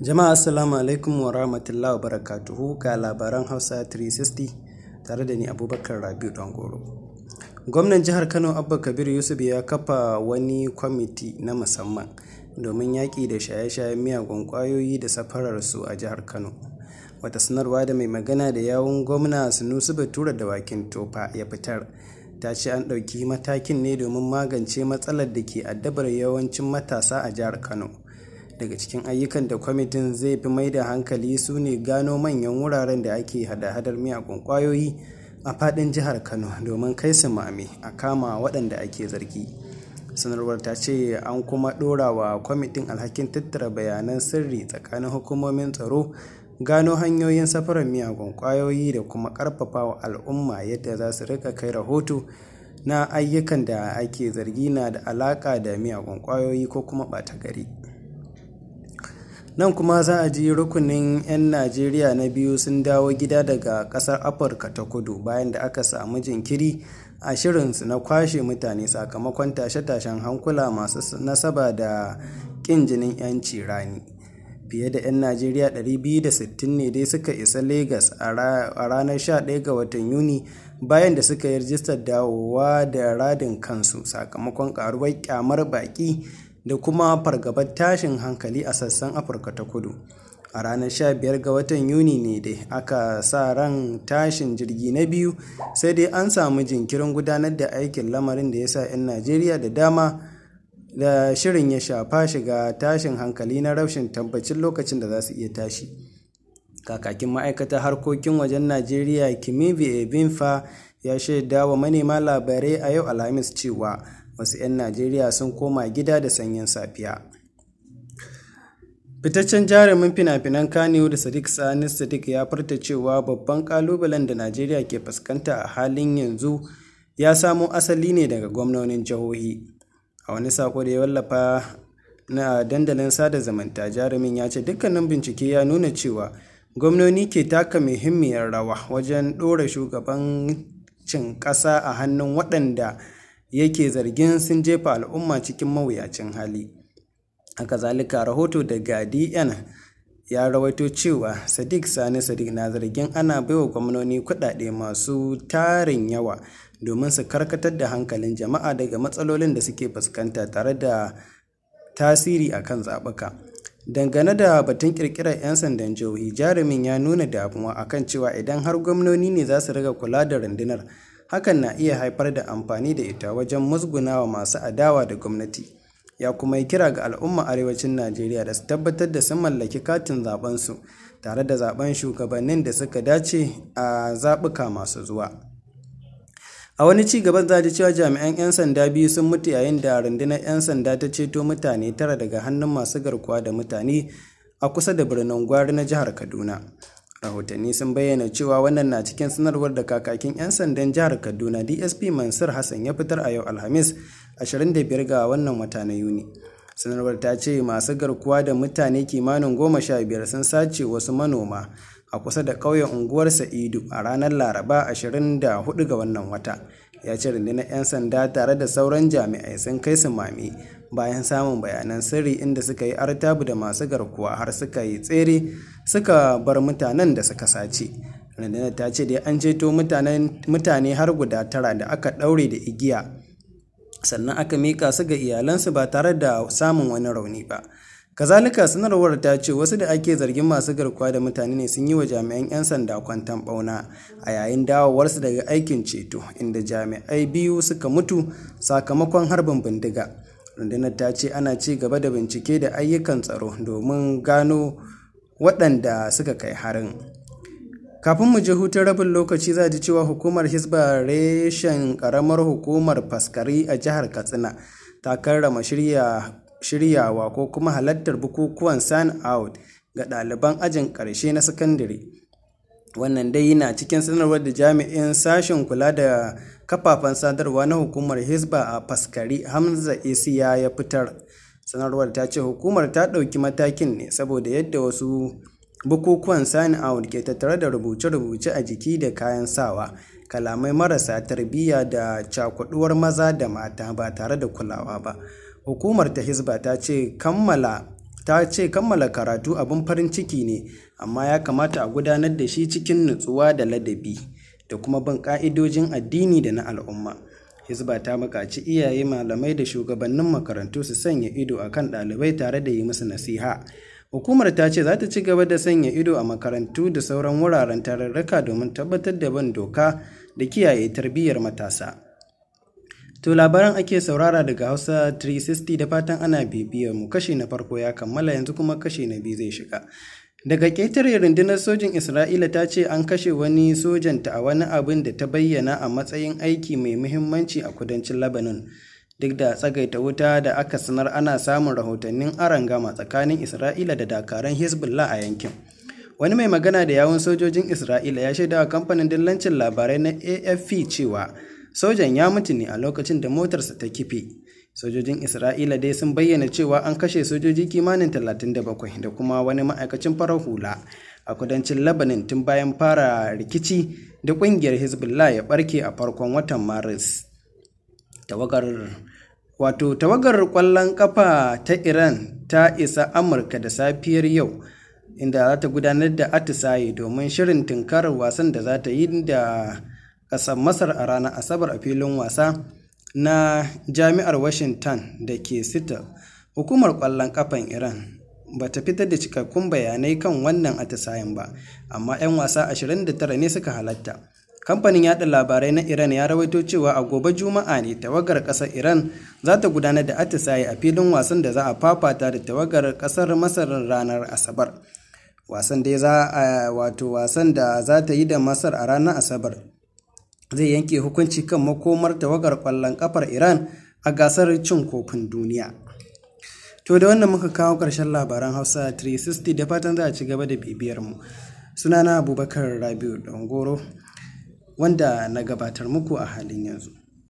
Jama'a assalamu alaikum wa rahmatullahi wa barakatuhu ga labaran Hausa 360 tare da ni Abubakar Rabiu Dangoro. Gwamnan jihar Kano Abba Kabir Yusuf ya kafa wani kwamiti na musamman domin yaƙi da shaye-shayen miyagun ƙwayoyi da su a jihar Kano. Wata sanarwa da mai magana da yawun gwamna Sunusi tura da wakin tofa ya fitar. ta ce an ɗauki matakin ne domin magance matsalar da ke addabar yawancin matasa a jihar kano daga cikin ayyukan da kwamitin zai fi mai da hankali su ne gano manyan wuraren da ake hada-hadar miyagun kwayoyi a fadin jihar kano domin kai su mami a kama waɗanda ake zargi sanarwar ta ce an kuma ɗora wa kwamitin alhakin tattara bayanan sirri tsakanin hukumomin tsaro gano hanyoyin safarar miyagun kwayoyi da kuma ƙarfafa wa al'umma yadda za su rika kai rahoto na ayyukan da ake zargi na da alaƙa da miyagun kwayoyi ko kuma ɓata gari nan kuma za a ji rukunin 'yan najeriya na biyu sun dawo gida daga kasar afirka ta kudu bayan da aka samu jinkiri a shirinsu na kwashe mutane sakamakon tashe-tashen hankula masu nasaba da kin jinin 'yanci rani fiye da 'yan najeriya 260 ne dai suka isa lagos a ranar 11 ga watan yuni bayan da suka yi rajistar dawowa da radin kansu sakamakon karuwar kyamar baki da kuma fargabar tashin hankali a sassan afirka ta kudu a ranar 15 ga watan yuni ne da aka sa ran tashin jirgi na biyu sai dai an samu jinkirin gudanar da aikin lamarin da ya sa 'yan najeriya da dama da shirin ya shafa shiga tashin hankali na rashin tabbacin lokacin da za su iya tashi kakakin ma'aikatar harkokin wajen najeriya kimibi ebinfa ya shaidawa manema labarai a yau alhamis cewa wasu 'yan najeriya sun koma gida da sanyin safiya fitaccen jarumin fina-finan kaniyu da sadiq sani sadiq ya furta cewa babban kalubalen da najeriya ke fuskanta a halin yanzu ya samo asali ne daga gwamnonin jihohi a wani sako da ya wallafa na dandalin sada zamanta jarumin ya ce dukkanin bincike ya nuna cewa gwamnoni ke taka muhimmiyar rawa wajen ɗora shugabancin ƙasa a hannun waɗanda yake zargin sun jefa al'umma cikin mawuyacin hali a kazalika rahoto daga dn ya rawaito cewa sadiq sani sadiq na zargin ana baiwa gwamnoni kudade masu tarin yawa domin su karkatar da hankalin jama'a daga matsalolin da suke fuskanta tare da tasiri a kan zaɓuka dangane da batun kirkirar 'yan sandan jihohi jarumin ya nuna damuwa akan cewa idan har gwamnoni ne za su riga kula da rundunar hakan na iya haifar da amfani da ita wajen musgunawa masu adawa da gwamnati ya kuma yi kira ga al'umma arewacin najeriya da su tabbatar da sun mallaki katin zaɓensu tare da zaben shugabannin da suka dace a zaɓuka masu zuwa a wani ci gaban zaji cewa jami'an 'yan sanda biyu sun mutu yayin da rundunar 'yan sanda ta ceto mutane tara daga hannun masu garkuwa da mutane a kusa da birnin gwari na jihar kaduna rahotanni sun bayyana cewa wannan na cikin sanarwar da kakakin 'yan sandan jihar kaduna dsp mansur hassan ya fitar a yau alhamis 25 ga wannan wata na yuni sanarwar ta ce masu garkuwa da mutane kimanin goma sha biyar sun sace wasu manoma a kusa da ƙauyen unguwar sa'idu a ranar laraba 24 ga wannan wata ya ce rundunar 'yan sanda tare da sauran jami'ai sun kai su mami bayan samun bayanan sirri inda suka yi artabu da masu garkuwa har suka yi tsere suka bar mutanen da suka sace rundunar ta ce dai an ceto mutane har guda tara da aka ɗaure da igiya sannan aka mika su ga iyalansu ba tare da samun wani rauni ba kazalika sanarwar ta ce wasu da ake zargin masu garkuwa da mutane ne sun yi wa jami'an 'yan sanda kwantan bauna a yayin dawowarsu daga aikin ceto inda jami'ai biyu suka mutu sakamakon harbin bindiga rundunar ta ce ana ci gaba da bincike da ayyukan tsaro domin gano waɗanda suka kai harin kafin mu je hutun rabin lokaci za ji cewa hukumar hisba reshen karamar hukumar faskari a jihar katsina ta karrama shirya shiryawa ko kuma halartar bukukuwan sign out ga ɗaliban ajin ƙarshe na sakandare wannan dai yana cikin sanarwar da jami'in sashen kula da kafafen sadarwa na hukumar hisba a faskari hamza isiya ya fitar sanarwar ta ce hukumar ta ɗauki matakin ne saboda yadda wasu bukukuwan sign out ke tattare da rubuce-rubuce a jiki da kayan sawa kalamai marasa tarbiyya da cakuduwar maza da mata ba tare da kulawa ba Hukumar ta Hisba ta ce kammala karatu abin farin ciki ne, amma ya kamata a gudanar da shi cikin nutsuwa da ladabi da kuma ban ka'idojin addini da na al'umma. hizba ta buƙaci iyaye, malamai da shugabannin makarantu su sanya ido a kan ɗalibai tare da yi musu nasiha. Hukumar ta ce za ta ci gaba da sanya ido a makarantu da sauran wuraren tararraka domin tabbatar da bin doka da kiyaye tarbiyyar matasa. To labaran ake saurara daga Hausa 360 da fatan ana bibiyar mu kashi na farko ya kammala yanzu kuma kashi na biyu zai shiga. Daga ƙetare rundunar sojin Isra'ila ta ce an kashe wani sojanta a wani abin da ta bayyana a matsayin aiki mai muhimmanci a kudancin Lebanon. Duk da tsagaita wuta da aka sanar ana samun rahotannin gama tsakanin Isra'ila da dakaran Hezbollah a yankin. wani mai magana da yawun sojojin isra'ila ya shaida kamfanin dillancin labarai na afp cewa sojan ya mutu ne a lokacin da motarsa ta kife sojojin isra'ila dai sun bayyana cewa an kashe sojoji kimanin 37 da kuma wani ma'aikacin farar hula a kudancin labanin tun bayan fara rikici da ƙungiyar hezbollah ya barke a farkon watan maris wato tawagar kwallon kafa ta iran ta isa amurka da safiyar yau inda za ta gudanar da atisaye domin shirin tunkarar wasan da za ta yi da ƙasar masar a ranar asabar a filin wasa na jami'ar washington da ke sita hukumar ƙwallon ƙafan iran ba ta fitar da cikakkun bayanai kan wannan atisayen ba amma 'yan wasa 29 ne suka halatta kamfanin yada labarai na iran ya rawaito cewa a gobe juma'a ne tawagar kasar iran za ta gudanar da atisaye a filin wasan da za a fafata da tawagar ƙasar masar ranar asabar wasan da za a wato wasan da za ta yi da masar a ranar asabar zai yanke hukunci kan makomar tawagar ƙwallon ƙafar Iran a gasar cin kofin duniya. To da wannan muka kawo ƙarshen labaran Hausa 360 da fatan za a ci gaba da bibiyar mu. Sunana Abubakar Rabiu Dangoro wanda na gabatar muku a halin yanzu.